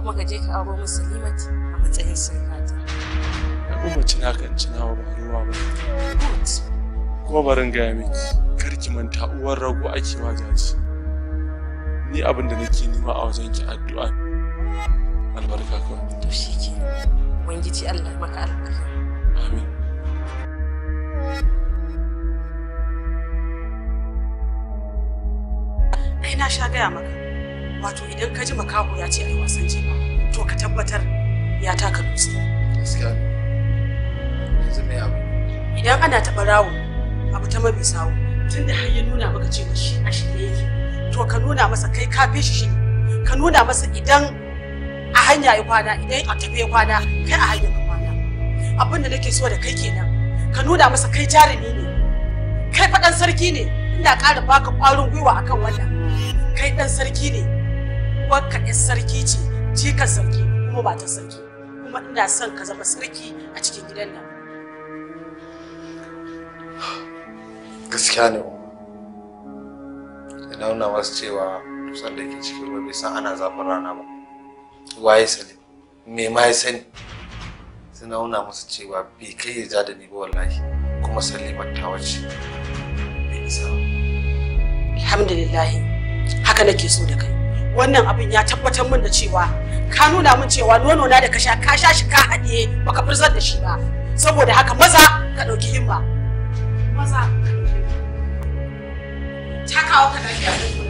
kuma ka je ka aro musu limat a matsayin sirkata. Al'umma cin hakan cinawa ba ruwa ba. Kuma barin gaya miki, kar ki manta uwar rago ake wa gaji. Ni abin da nake nema a wajen ki addu'a. Albarka kawai. To shi ke. Ubangiji Allah maka albarka. Amin. Ai na sha gaya maka. wato idan ka ji makaho ya ce ai wasan ba to ka tabbatar ya taka dutse gaskiya yanzu me abu idan ana taba rawo abu ta mabi sawo tunda har ya nuna maka cewa shi a shirye yake to ka nuna masa kai ka fi shi ka nuna masa idan a hanya ya kwana idan a tafi ya kwana kai a hanya ka kwana abinda nake so da kai kenan ka nuna masa kai jarumi ne kai faɗan sarki ne ina ƙara baka ƙwarin gwiwa akan wannan kai ɗan sarki ne uwarka ɗin sarki ce jikar sarki kuma ba ta sarki kuma ina son ka zama sarki a cikin gidan nan gaskiya ne ina nuna masu cewa kusan da ke cikin ruwa bai san ana zafin rana ba waye sani me ma ya sani suna nuna masu cewa bai kai ya ja da ni ba wallahi kuma sallimar ta wace bai isa alhamdulillah haka nake so da kai wannan abin ya tabbatar min da cewa ka nuna min cewa nono na da ka sha ka sha shi ka haɗe baka furzar da shi ba saboda haka maza ka ɗauki himma maza ka ɗauki himma ta kawo ka lafiya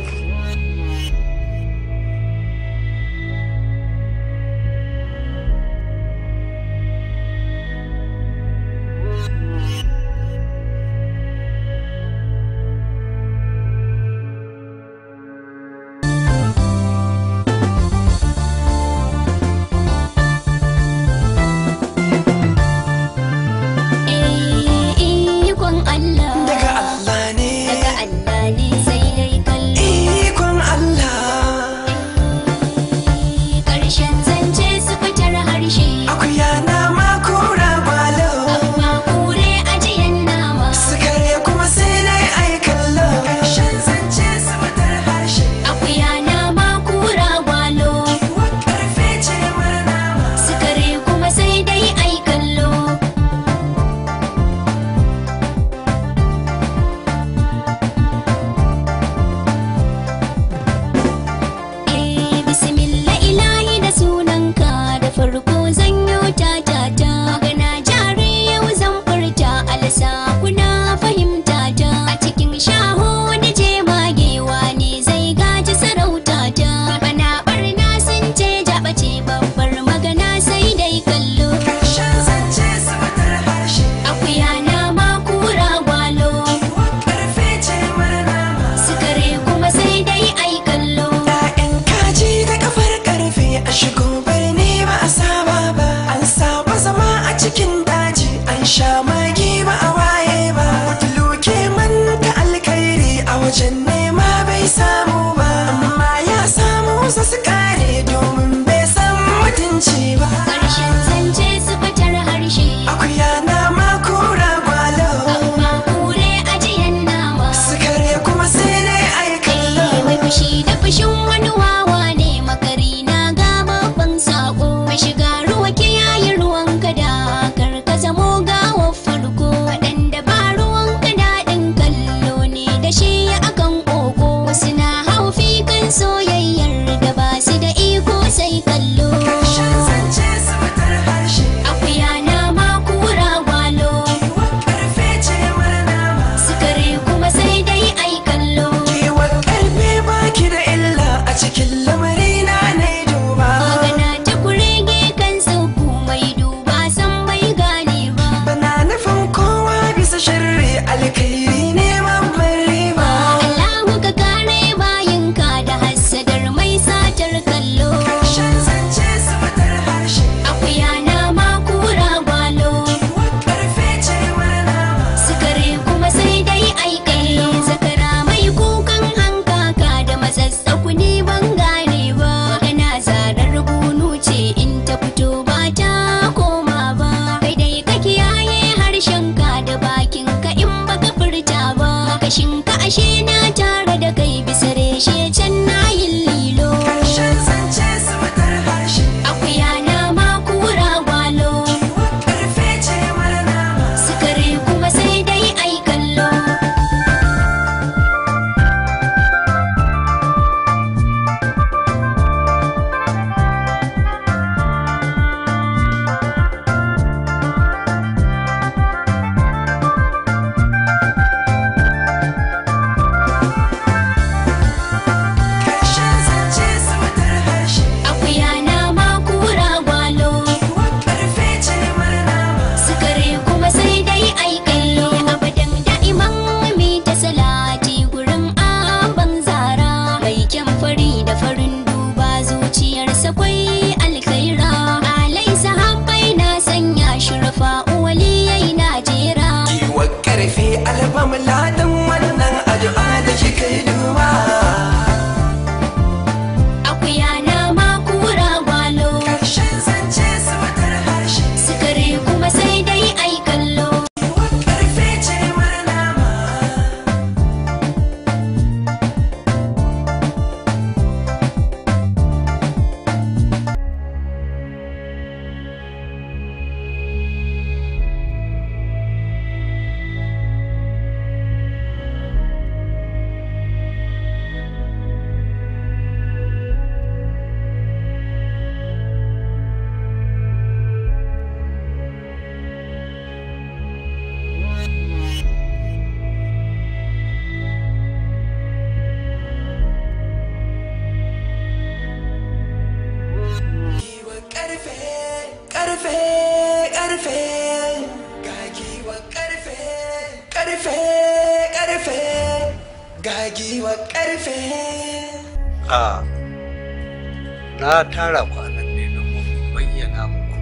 na tara ku nan ne domin bayyana muku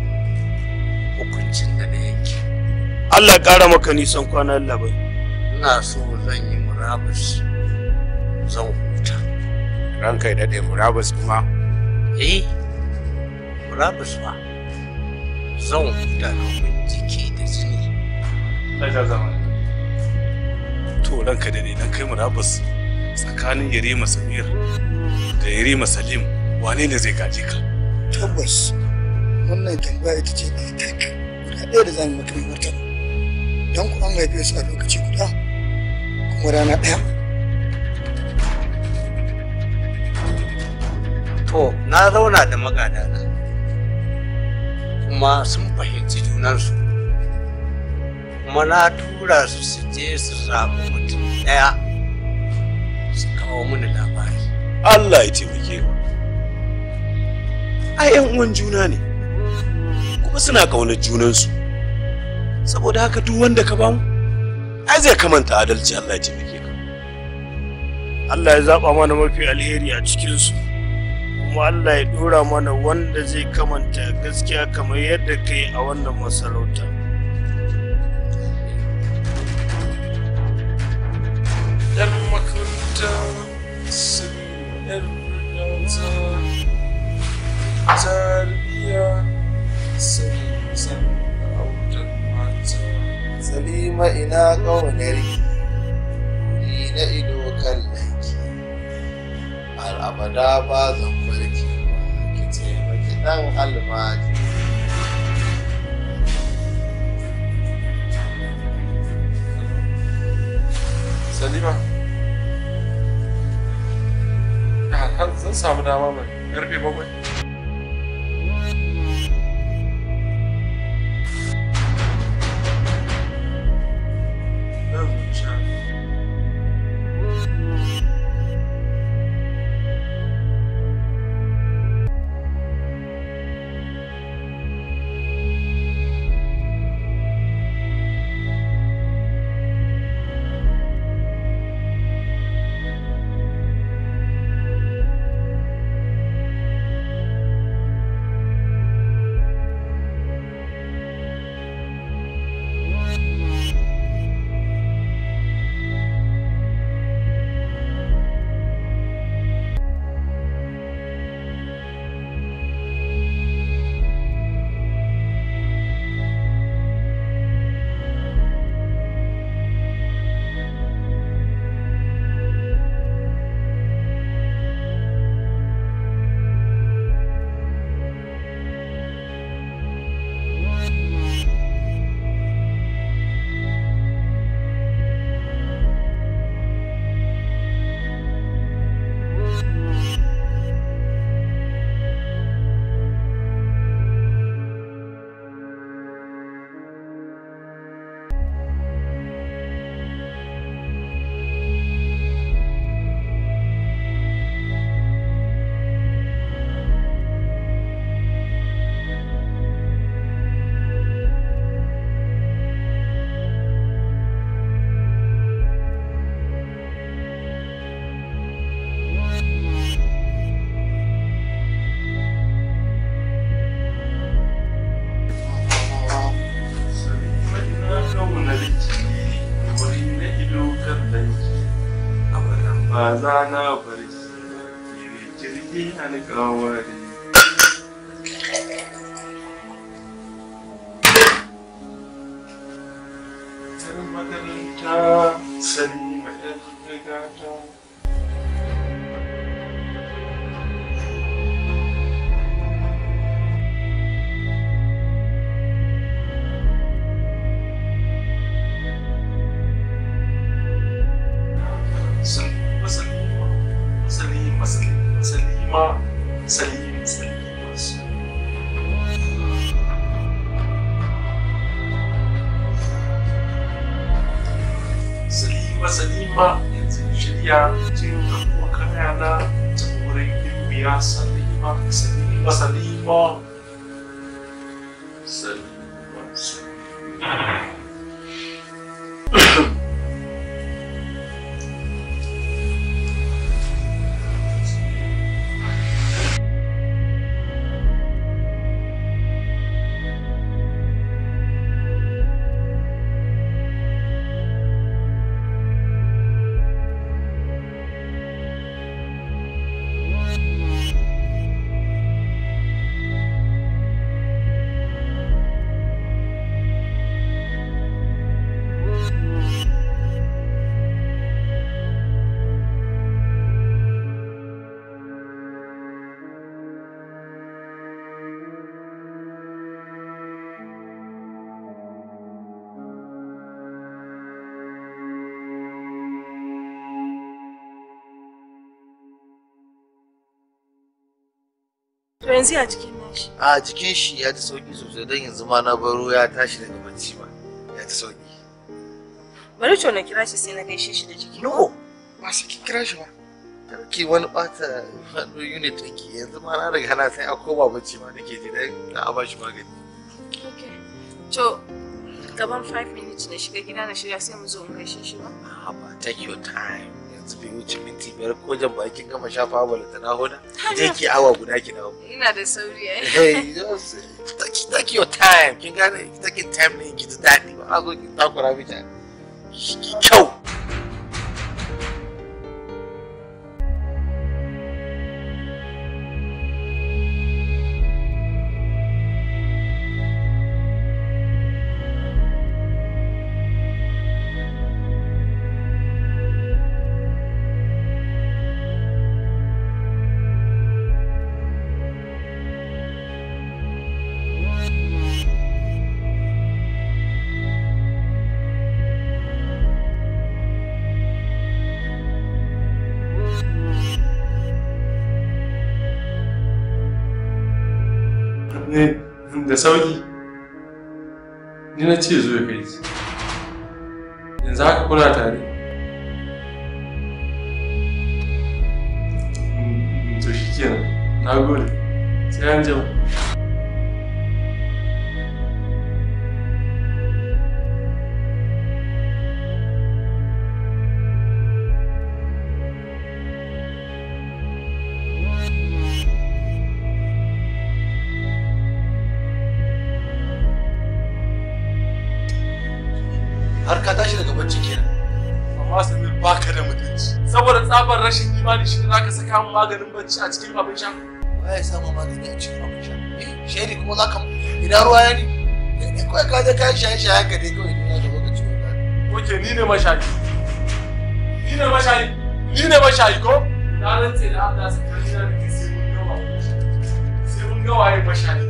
hukuncin da na yanke Allah ya ƙara maka nisan kwana Allah bai ina so zan yi murabus zan huta ranka da dai murabus kuma eh murabus ma zan huta domin jiki da jini Laja zaman. To ranka da ne nan kai murabus tsakanin Yarima Samir da Yarima Salim. wane ne zai gaje ka tabbas wannan tambaya ita ce ba ta guda ɗaya da zamu mutum martan don ku an haife su a lokaci guda kuma rana ɗaya to na zauna da na kuma sun fahimci junansu kuma na tura su su je su zaɓi mutum ɗaya su kawo mini labari Allah ya ce ai yan uwan juna ne kuma suna ƙaunar junansu saboda haka duk wanda ka bamu ai zai kamanta adalci Allah ya taimake ka Allah ya zaba mana mafi alheri a cikin su kuma Allah ya dora mana wanda zai kamanta gaskiya kamar yadda kai a wannan masarauta dan makaranta sun yarda Zariya Salima ina ƙaunarki, ni na ido kallonki, har abada ba zan barki ba, ki taimaki ɗan almajiri. Salima. Zan samu dama mai bakwai. خزانه To yanzu ya jikin nashi? A jikin shi ya ji sauki sosai don yanzu ma na baro ya tashi daga bacci ma ya ji sauki. Bari to na kira shi sai na gaishe shi da jiki. No, ba sai kin kira shi ba. Tarki wani bata wani unit ɗinki yanzu ma na riga na sai a koma bacci ma nake ji dan na a bashi magani. Okay. To gaban 5 minutes na shiga gida na shirya sai mu zo in gaishe shi ba? Ah, ba take your time. yanzu bai wuce minti biyar ko jan bakin gama shafa ba ta na hoda je ki awa guda ki dawo ina da sauri eh hey take take your time kin gane take time ne ki ji daɗi ba a zo ki takura Ki kyau ne da sauki ni na ce zo ya kai ki yanzu haka kuna tare mm, mm, to shi kenan na gode sai an jima bani shi za zaka saka min maganin bacci a cikin abin sha ba ya samu magani a cikin abin sha eh shaidi kuma zaka ina ruwa ya ne ne eh, kawai ka je kayan shaye shaye ka dai kawai ina da lokaci oke ni ne mashayi ni ne mashayi ni ne mashayi ko na rantse da Allah sai da sai mun gawa sai mun gawa ya mashayi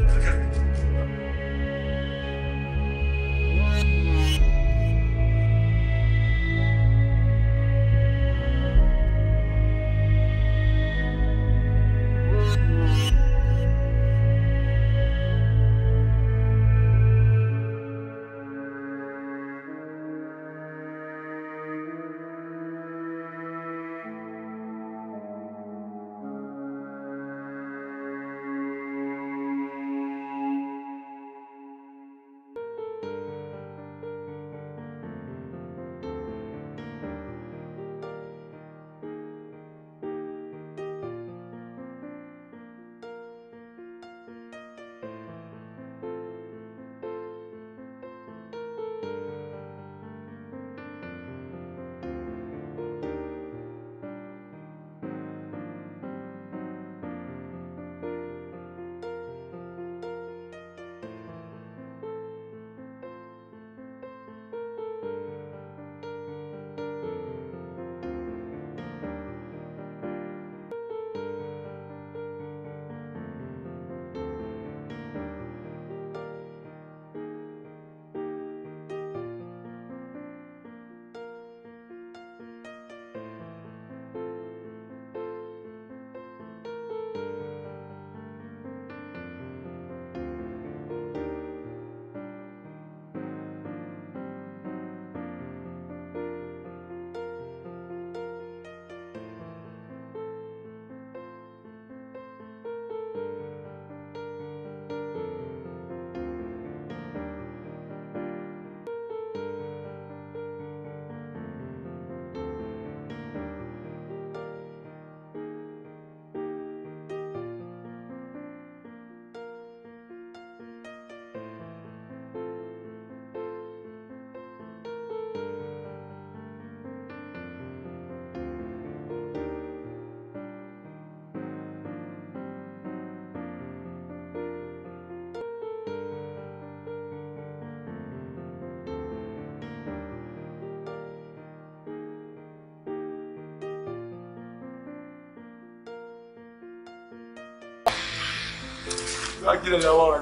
za ki da lawa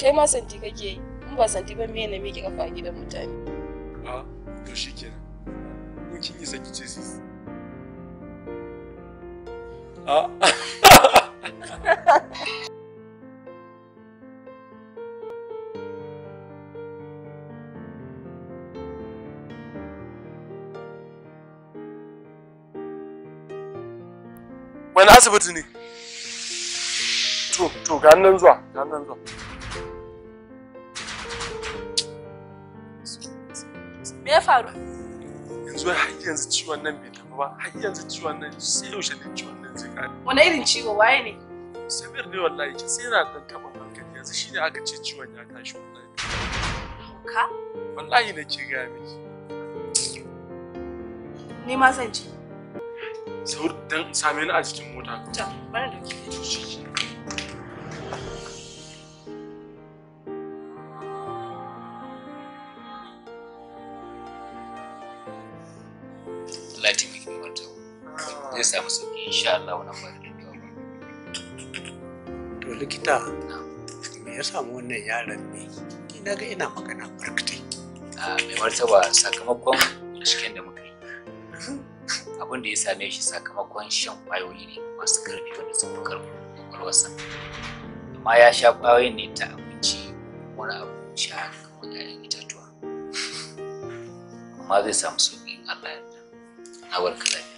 kai ma santi kake yi in ba santi ba me ne me kika fa gidan mutane a to shikenan in kin yi saki ce a Wani asibiti ne? to ga zuwa ga zuwa me ya faru yanzu har yanzu ciwon nan bai tafi ba har yanzu ciwon nan sai yaushe ne ciwon nan zai kare wani irin ciwo waye ne samir ne wallahi ki sai na kan taɓa hankali yanzu shine aka ce ciwon ya tashi wallahi ka wallahi na ke gaya ni. ni ma zan je sauri dan same ni a cikin mota ta bari da ke insha Allah wannan ba zai to likita me ya samu wannan yaron ne ni na ga ina magana barkatai a mai martaba sakamakon cikin da muka yi abin da ya same shi sakamakon shan kwayoyi ne masu karfi wanda suka karfi kwakwalwarsa amma ya sha kwayoyin ne ta abinci wani abu sha kamar ƴaƴan itatuwa amma zai samu sauƙi Allah ya na barka lafiya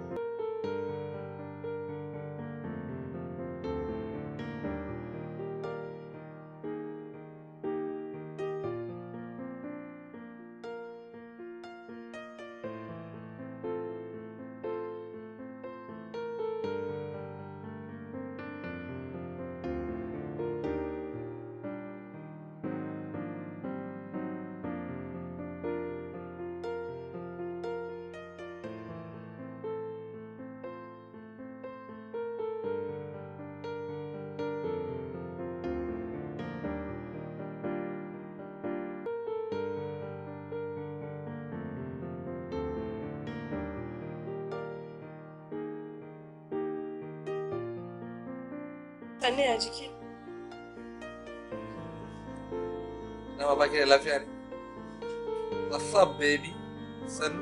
ne a jiki na ma baki da lafiya ne what's up baby sannu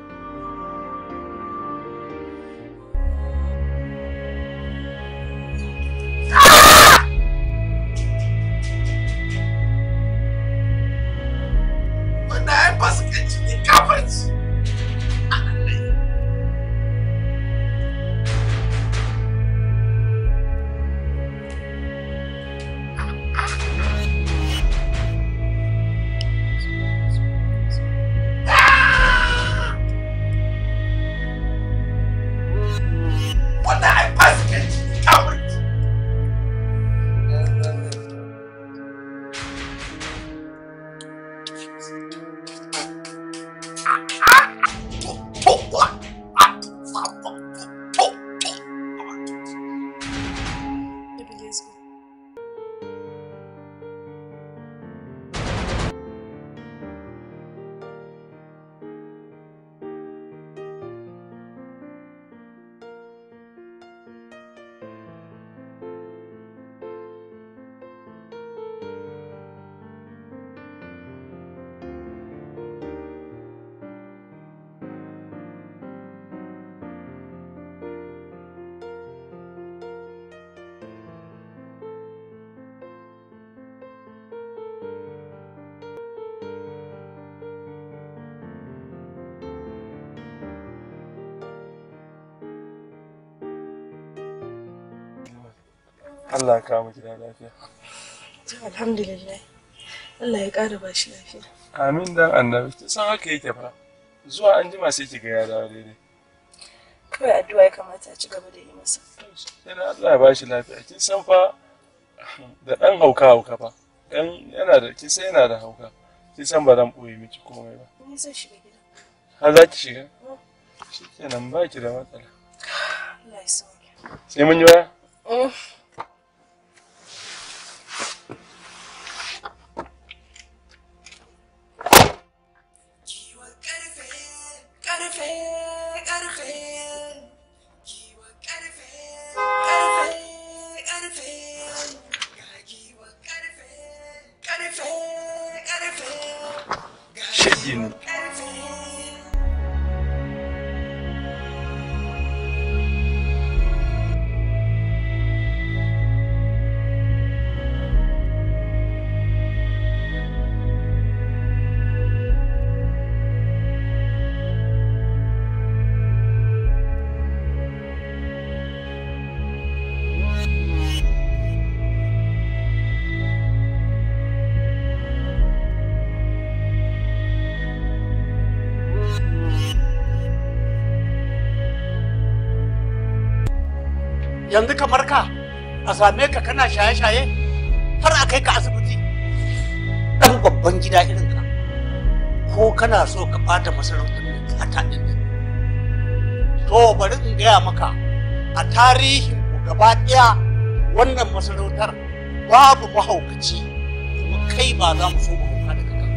Allah ya kawo gida lafiya. To alhamdulillah. Allah ya ƙara ba shi lafiya. Amin dan annabi. Kin san haka yake fa. Zuwa an jima sai kiga ya dawo daidai. Kawai addu'a ya kamata a ci gaba da yi masa. Sai Allah ya ba shi lafiya. Kin san fa da ɗan hauka hauka fa. Dan yana da kin san yana da hauka. Kin san ba zan ɓoye miki komai ba. Ni zan shiga gida. Ha za ki shiga? Mm. Shi kenan ba ki da matsala. Allah ya sauke. Sai mun yi waya? Mm. yanzu kamar ka a same ka kana shaye-shaye har a kai ka asibiti ɗan babban gida irin ka ko kana so ka bata masarautar da ka ta nan to bari in gaya maka a tarihin gaba ɗaya wannan masarautar babu mahaukaci kuma kai ba za mu so mahauka daga ka ba.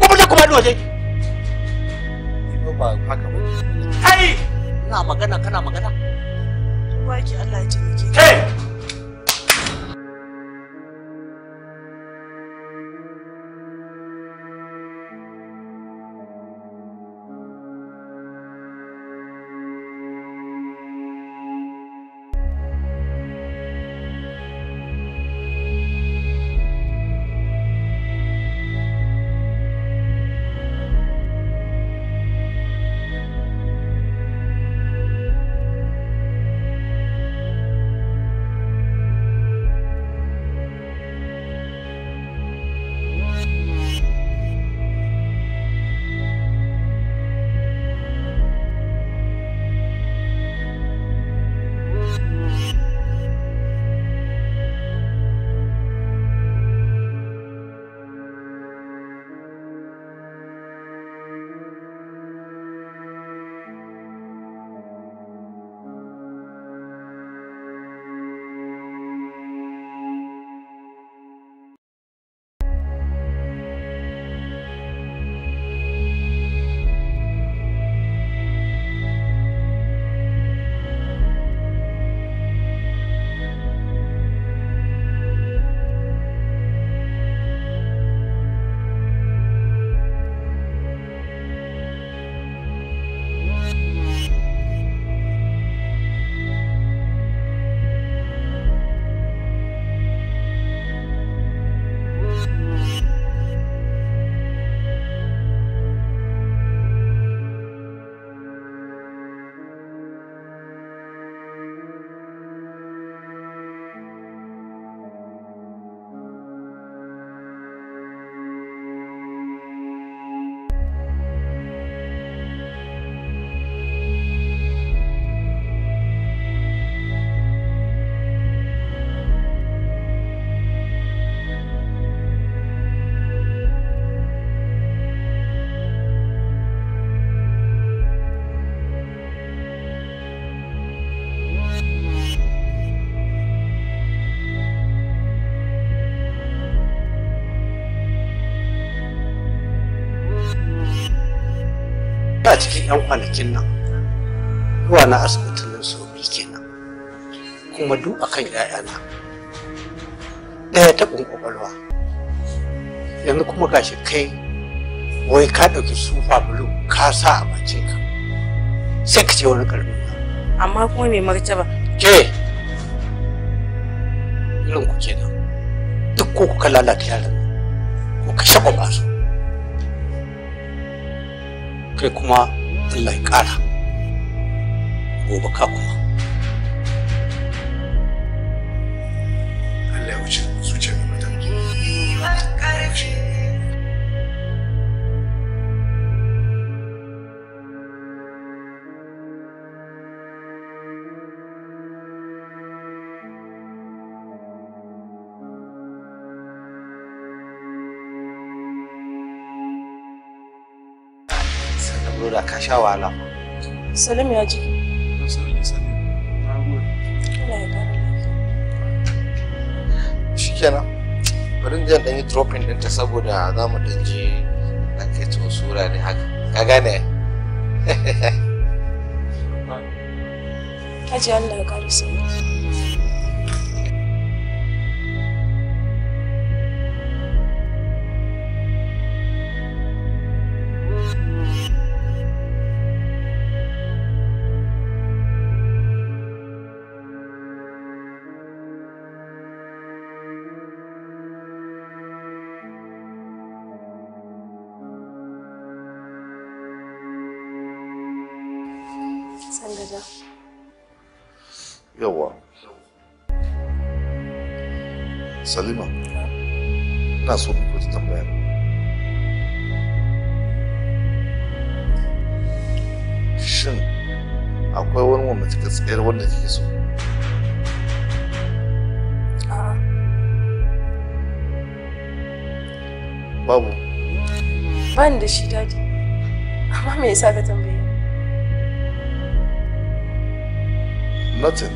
Kuma da kuma waje. Ba haka ba. Kai! kana magana kana magana. Waki Allah ya taimake. Kai! ba cikin 'yan kwanakin nan zuwa na asibitin nan sau biyu kenan kuma duk akan 'ya'yana ɗaya ta ƙwaƙwalwa yanzu kuma gashi kai wai ka ɗauki sufa bulu ka sa a ka, sai ka ce wani ƙarfi amma kuma mai martaba ke irin ku kenan duk ko kuka lalata yaran ko ka shaƙwa ba su kai kuma Allah ya ƙara gobe ka kuma sha wahala salim ya ji shikenan bari zan dan yi dropping ɗinta saboda za mu dan je na kai to sura ne haka ka gane Hajji Allah ya kare sauki. ina so muku shin akwai wani wanda kika tsayar wanda ke so babu ban da shi dadi amma me yasa ka tambaye nothing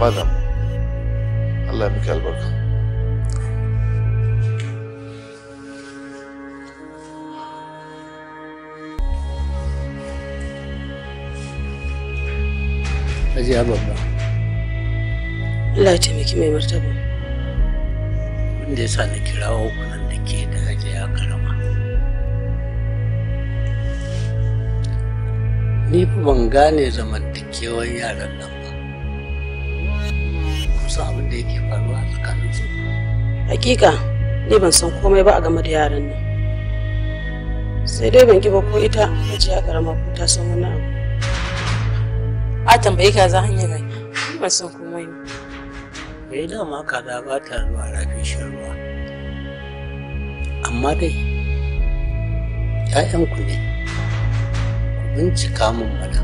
madam Allah ya miki albarka hajiya babba Allah ya taimaki mai martaba wanda ya sa na kirawo kunan da ke da hajiya karama ni fa ban gane zamantakewar yaran nan ba kusa abin da yake faruwa a tsakanin su hakika ni ban san komai ba a game da yaran nan sai dai ban kiba ba ko ita hajiya karama ko ta san wani abu a tambayi ka za hanyar rai ban san komai ba eh dama kaza ba ta zuwa rafin shan ruwa amma dai ku ne ku bincika min mana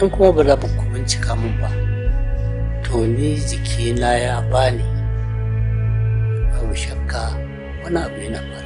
in kuma ba za ku bincika min ba to ni jikina ya bani babu shakka wani abu yana ba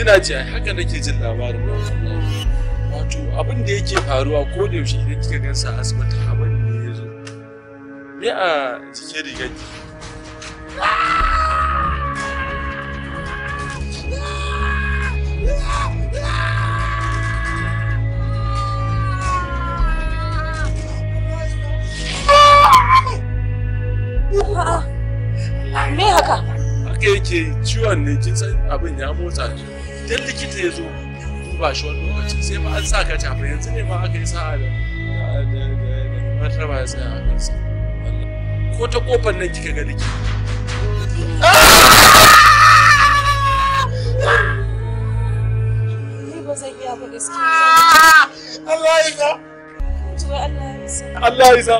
kina ji ai haka nake jin labarin wato abin da yake faruwa ko da yaushe idan kika gansa asibiti abin ne ya zo me a cikin rigar ki Me haka? Haka yake ciwon ne kin san abin ya motsa shi. idan likita ya zo duba shi wani lokaci sai ma an sa ka tafi yanzu ne ma aka yi sa da ya tsaya a kansa ko ta kofar nan kika ga likita ah! Allah ya sa Allah ya sa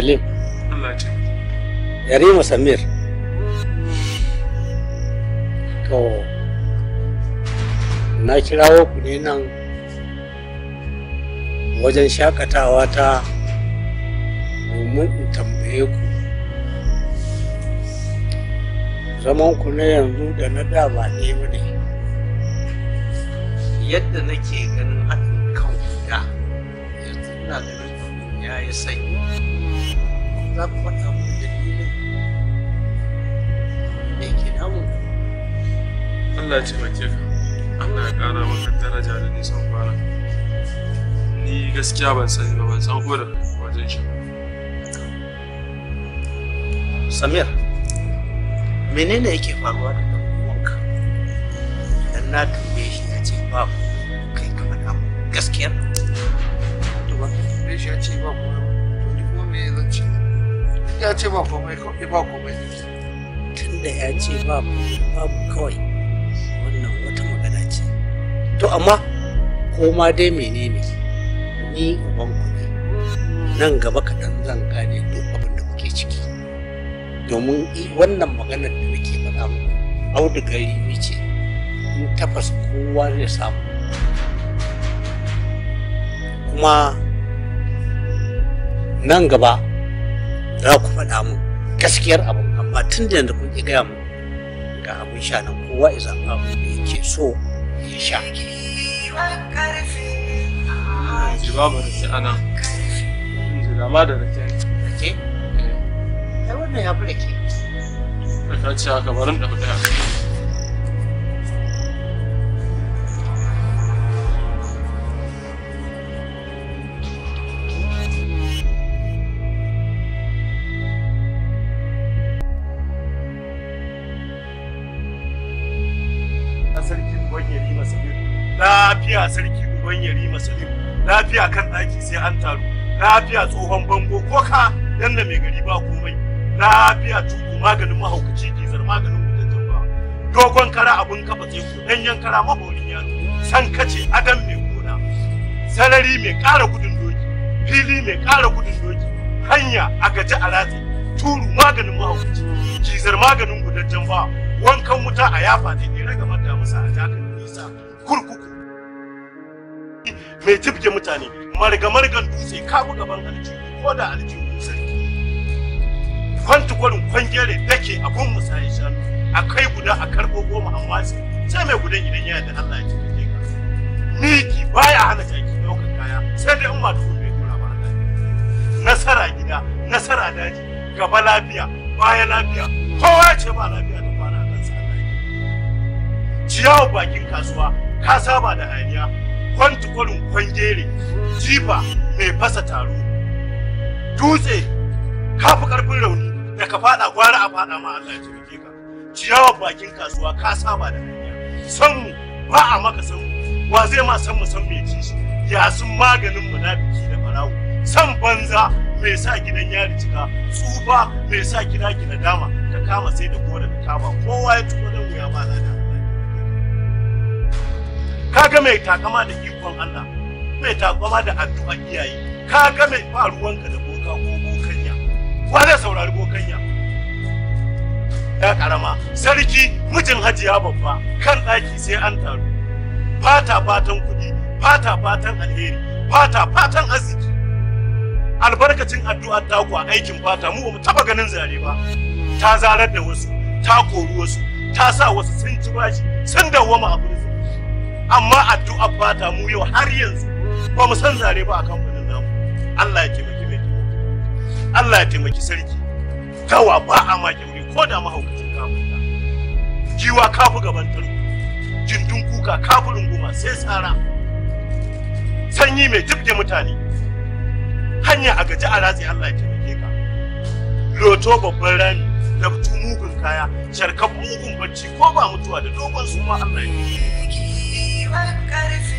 Salim. Allah ce. Yarima Samir. To, na kirawo ku ne nan wajen shakatawa ta domin in tambaye ku. Zaman ku na yanzu da na da ba ne ne. Yadda nake ganin haɗin kan da yanzu ina ganin ya yi sanyi. za ku faɗa mu dalilin da yake damun Allah ka Allah ya ƙara maka daraja da nisan fara ni gaskiya ban sani ba ban san ko wajen shi Samir menene yake faruwa da ɗan uwanka na tambaye shi na ce babu kai kamar gaskiya to ba tambaye shi ya ce babu ya ce ba komai kawai ba komai tun da ya ce babu babu kawai wannan wata magana ce to amma ko ma dai menene ni uban ku ne nan gaba kaɗan zan gane duk abin da kuke ciki domin wannan maganar da nake faɗa muku audugari ne ce in tafas kowa zai samu kuma nan gaba za ku faɗa mu gaskiyar abu amma tun da yanzu kuke gaya mu ga abin sha nan kowa ya zaɓa abin da yake so ya sha. Jibabu da ke ana. ji da rake. Rake? Ai wannan ya fi rake. ka ce haka barin da ɗaya. an taru lafiya tsohon bango ko ka da mai gari ba komai lafiya tudu maganin mahaukaci zar maganin mutuntan ba dogon kara abun kafa teku danyen kara maborin ya san kace adam mai gona sarari mai kara gudun doki fili mai kara gudun doki hanya a gaji a ratsi turu maganin mahaukaci cizar maganin gudajen ba wankan wuta a yafa da ne rage da masa a takan nisa kurkuku mai jibge mutane margamargan dutse ka buga ban aljihu ko da aljihu sarki kwanti kwarin kwangere dake abun musaye shanu a kai guda a karbo goma an watsi sai mai gudan idan yana da Allah ya ci ke ka miki baya hana jaki ɗaukar kaya sai dai in ma da kuɗi ba Allah nasara gida nasara daji gaba lafiya baya lafiya kowa ya ce ba lafiya da fara kansa Allah ciyawa bakin kasuwa ka saba da hayaniya kwarin kwangere jifa mai fasa taro dutse kafa karfin rauni da ka fada gwara a fada ma Allah ya taimake ka ciyawa bakin kasuwa ka saba da hanya san mu ba a maka san wa zai ma san mu san mai ci shi ya sun maganin munafiki da barawo san banza mai sa gidan yari cika tsufa mai sa gida gida dama ka kama sai da kore ka kama kowa ya tuko da wuya ba da. kaga mai takama da ikon Allah mai takama da addu'a iyaye kaga mai ka da boka ko bokanya wa zai saurari bokanya ya karama sarki mijin hajiya babba kan ɗaki sai an taru fata fatan kuɗi fata fatan alheri fata fatan arziki albarkacin addu'a ta ku a aikin fata mu ba mu taba ganin zare ba ta zarar da wasu ta kori wasu ta sa wasu sun ci bashi sun dawwama abin amma addu'a ba ta mu yau har yanzu ba mu san zare ba a kamfanin namu Allah ya taimaki mai taimaki Allah ya taimaki sarki kawa ba a ma kyauri ko da mahaukacin kafuka jiwa kafu gaban tarko jindun kuka kafu runguma sai tsara sanyi mai jibge mutane hanya a gaji a ratsi Allah ya taimake ka loto babban rami da mugun kaya sharkar mugun bacci ko ba mutuwa da dogon suma Allah ya taimake karfi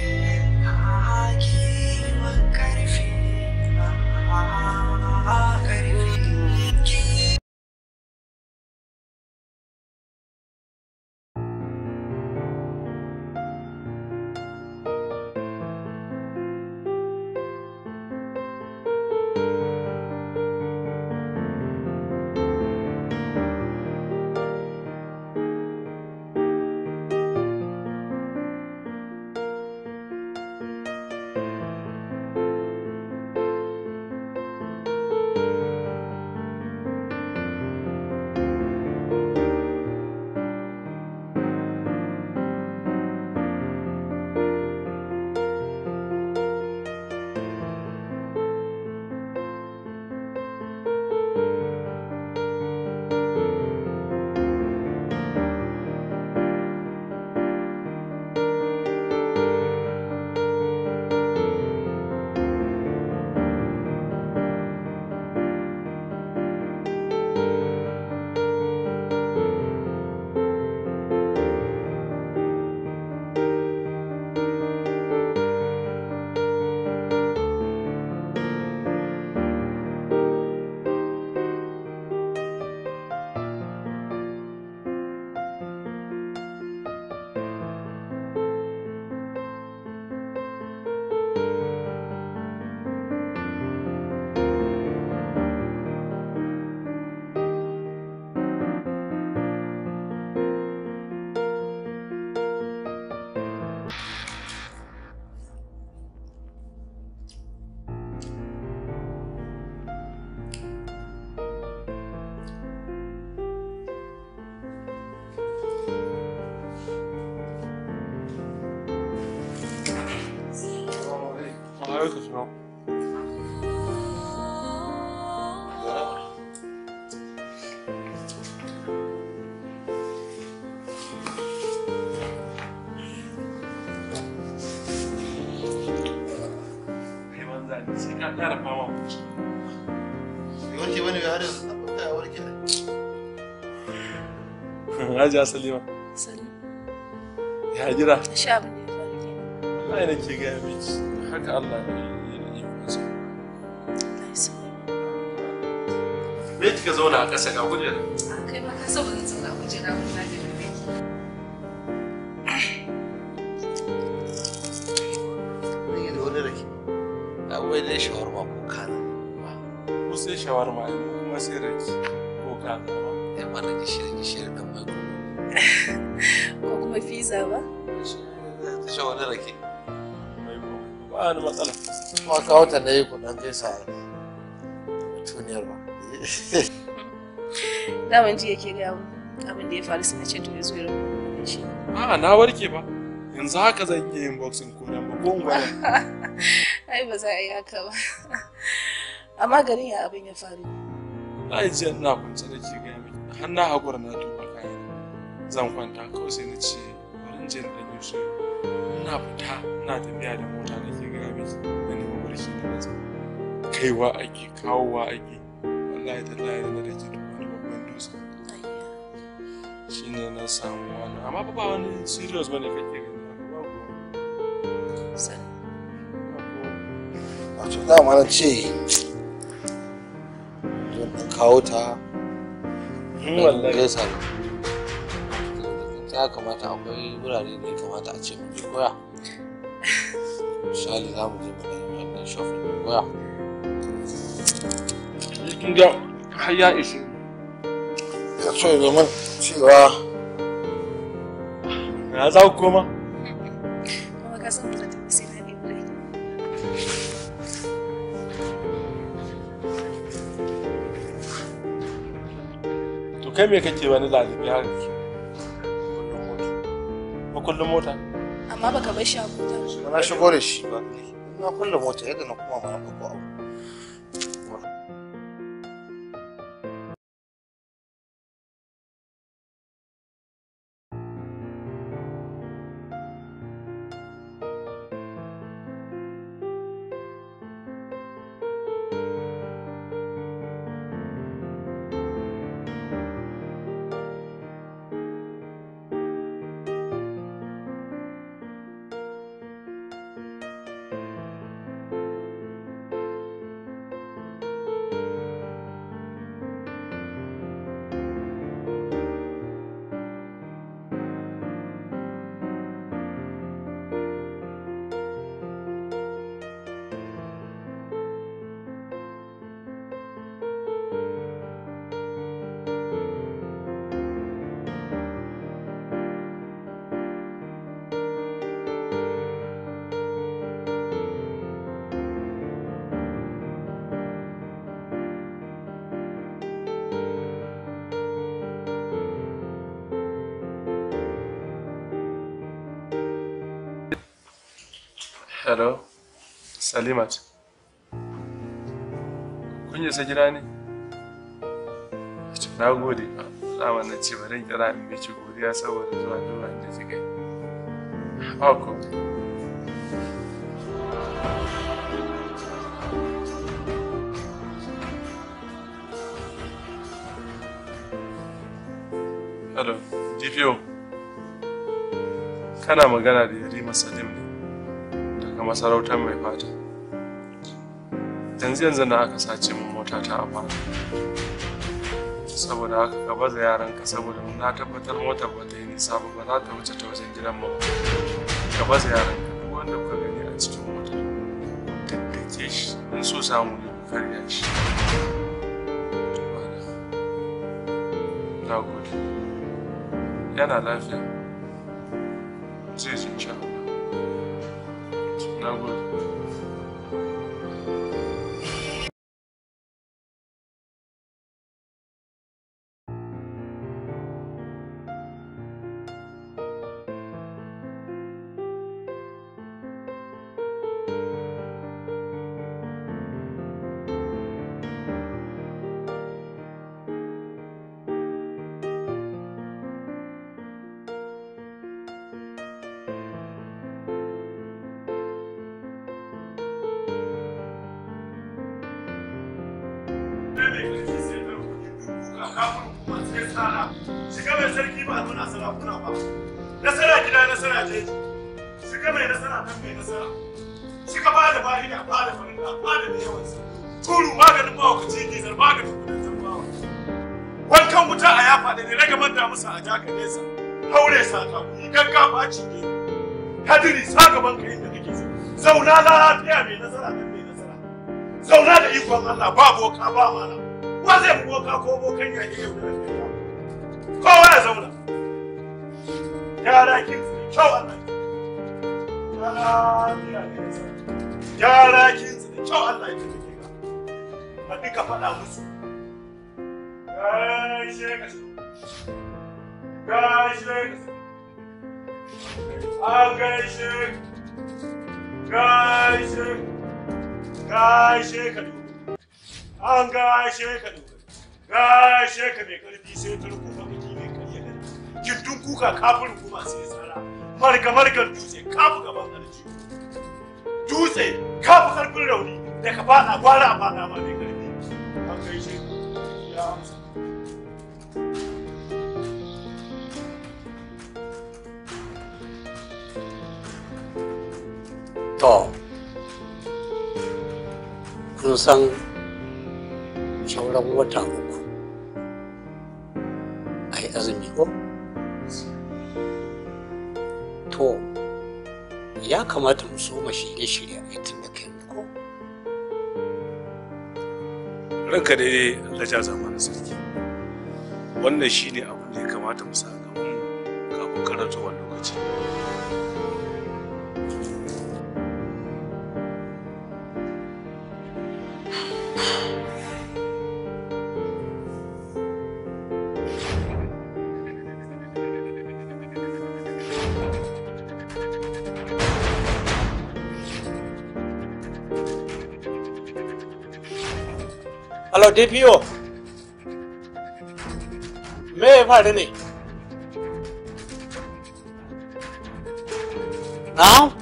راجع سليمة سليمة يا هجرة شاب الله ينجيك يا بيج حق الله ميتك زونا قسك أقول لك أوكي ما كسبت زونا أقول لك أنا أقول لك أول شهر ما بوكان ما هو شهر ما هو مسيرك بوكان mana gishiri gishiri kan mai ko kuma fiza ba ta sha wani rake ba wani matsala kuma kawo ta na yi kudan gaisa tuniyar ba daman ji yake gaya mu abin da ya faru sai na ce to ya zo ya shi a na warke ba yanzu haka zan iya yin boxing ko nan ba ko ngwara ai ba za a yi haka ba amma garin ya abin ya faru ne na ji na kunce da ke har na na tuba kayan zan kwanta kawai sai na ce bari jin ɗan su na fita na tafiya da mota da ke gaya miki na nemi barci da nazo kaiwa ake kawowa ake wallahi tallahi na da ke tuba da babban shi ne na samu wani amma ba wani serious bane kake gani wato ba ba ce ba kawo ta nesa hmm, ne kamata akwai wurare ne kamata a ce mu je koya misali za mu je mu ɗan wannan shopping koya ga har ya ishe ya so cewa ya za ku koma kai me kake wani zazzabi har ki kullum mota amma baka bar shi a kuta na shigo da shi ba na kullum mota yadda na kuma mana kuku abu Salimat. Kun isa gida ne? Na gode, zama na ce bari kira in miki godiya saboda zuwa duba da kika Ako. Hello, Kana magana da Yarima Salim daga masarautar mai fata. yanzu yanzu na aka sace min mota ta a fara saboda haka ka baza yaran ka saboda na tabbatar mota ba ta yi nisa ba ba za ta wuce ta wajen gidan mu ka baza yaran ka duk wanda ka gani a cikin mota tattake shi in so samu ne ku karya shi na gode yana lafiya zai zuciya na gode a ba mana wa zai fi boka ko bokan ya ke yau da lafiya kowa ya zauna yara ki tsiri kyau Allah yara ki yara ki tsiri kyau Allah ya tafi ga ba duka faɗa musu gaishe ka gaishe ka a gaishe gaishe gaishe ka duk an gashe ka dogari ka kuma dutse kafu kafu rauni da ka fada gwara a fada ma To, kun san sauran wata uku a yi azumi ko? to ya kamata mu soma shirye-shirye a yi da kai ko? ranka da ne Allah zama na sarki wannan shi ne abin da ya kamata mu sa gaban kafin karatu wani lokaci. 李彪，没块现你，啊？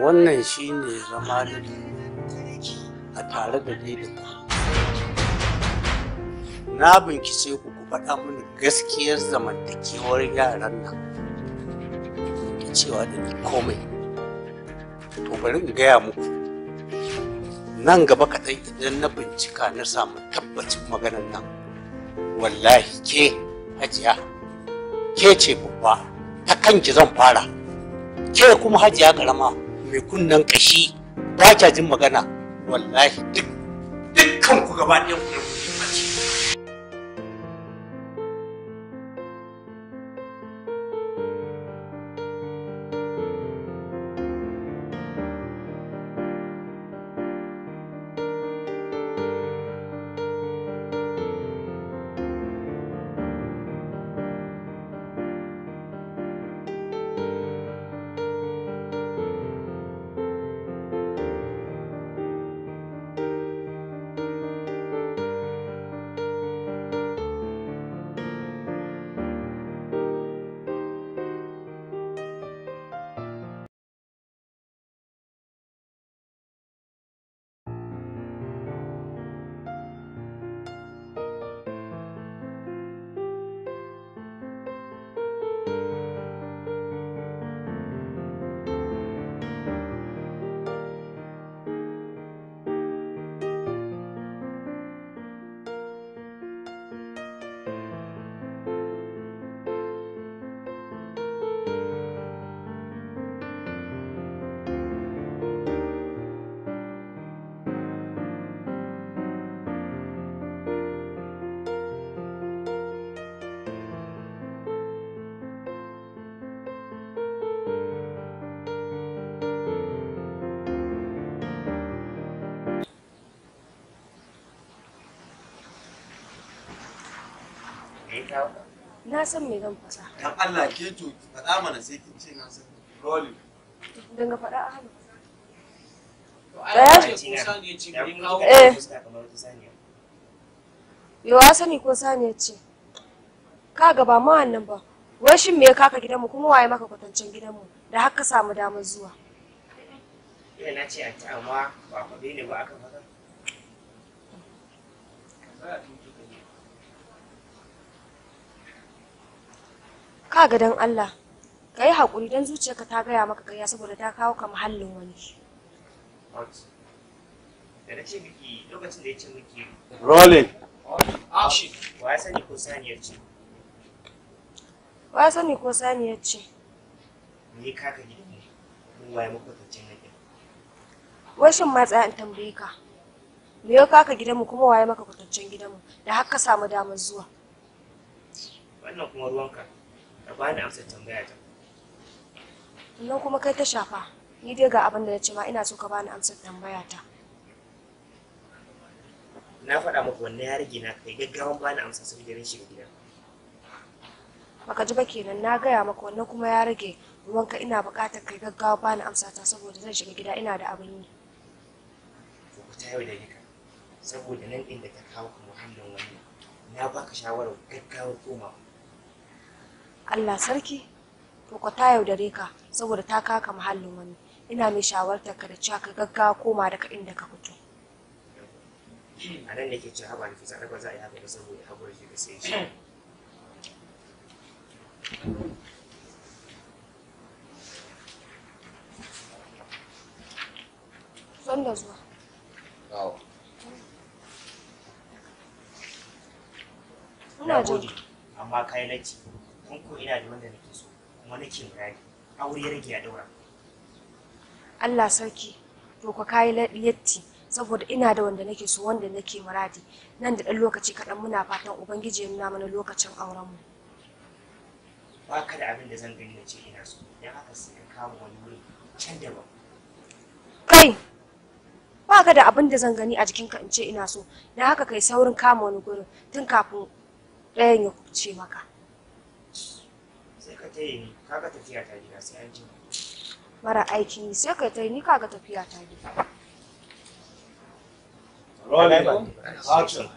wannan shi ne zama da a tare da dalilin na bincike ku ku faɗa mini gaskiyar zamantakewar yaran nan cewa da ni komai to bari in gaya muku nan gaba kaɗai idan na bincika na samu tabbacin maganar nan wallahi ke hajiya ke ce babba ta kanki zan fara ke kuma hajiya karama mai kunnen ƙashi ba kya jin magana wallahi duk dukkan ku gaba ɗayan ku ne ku Na san me zan fasa. Dan Allah ke to faɗa mana sai kin ce na san. Rolling. Dinga faɗa eh. a hannu. Yawa sani ko sani ya ce, ka gaba ma wannan ba, wai shin me kaka gidanmu kuma waye maka kwatancin gidanmu da har ka samu damar zuwa. Ina eh, na ce a ta amma ba ku ne ba aka faɗa. ka ga dan Allah ka yi haƙuri don zuciyarka ta gaya maka ƙarya saboda ta kawo ka muhallin wani da na ce miki lokacin da ya ce miki rolling ah, wa ya sani ko saniyar ce wa ya sani ko ce me ka ka gida ne mun waye makwatancin nake wai shin ma tsaya in tambaye ka me ya kaka gidanmu kuma waye maka kwatancin gidanmu da har ka samu damar zuwa wannan kuma ruwanka ka ni amsar tambaya ta Wannan kuma kai ta shafa ni dai ga abin da na ce ma ina so ka ba ni amsar tambaya ta na faɗa maka wannan ya rage na kai gaggawan bani amsar saboda shiga gida baka ji ba kenan na gaya maka wannan kuma ya rage ruwan ka ina buƙatar kai gaggawa ba ni amsa ta saboda zan shiga gida ina da abin yi to ku ta yau da nika saboda nan inda ta kawo ka muhallin wannan na baka shawarar gaggawa komawa Allah sarki to ka ta yaudare ka saboda ta kaka muhallin wani ina mai shawartar ka da cewa ka gaggawa koma daga inda ka fito a nan da ke ci haba ki ke tsare ba za a yi haka ba saboda haƙuri ke da sai shi Son da zuwa. Ina jin. Amma kai lati. in ko ina da wanda nake so kuma nake muradi aure rage ya daura Allah sarki to ka kai latti saboda ina da wanda nake so wanda nake muradi nan da dan lokaci kaɗan muna fatan ubangiji ya mana lokacin auren mu ba ka da abin da zan gani na ce ina so dan haka sai ka kawo wani wuri can da ba kai ba ka da abin da zan gani a jikinka in ce ina so dan haka kai saurin kama wani gurin tun kafin ɗayan ya kuce maka ta yi ni kaga tafiya ta gida sai an ji mara aiki sai ka ta ni kaga tafiya ta gida Rolling. Action.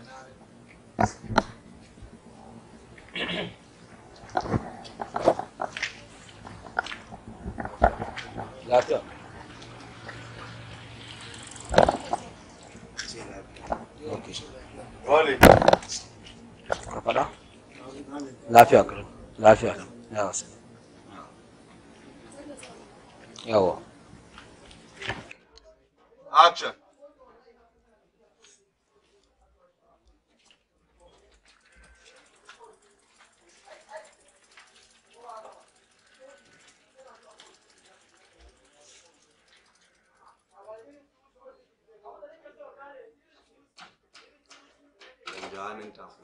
Lafiya. Rolling. Lafiya, Lafiya. Yeah. Yawa. Action. enjoyment of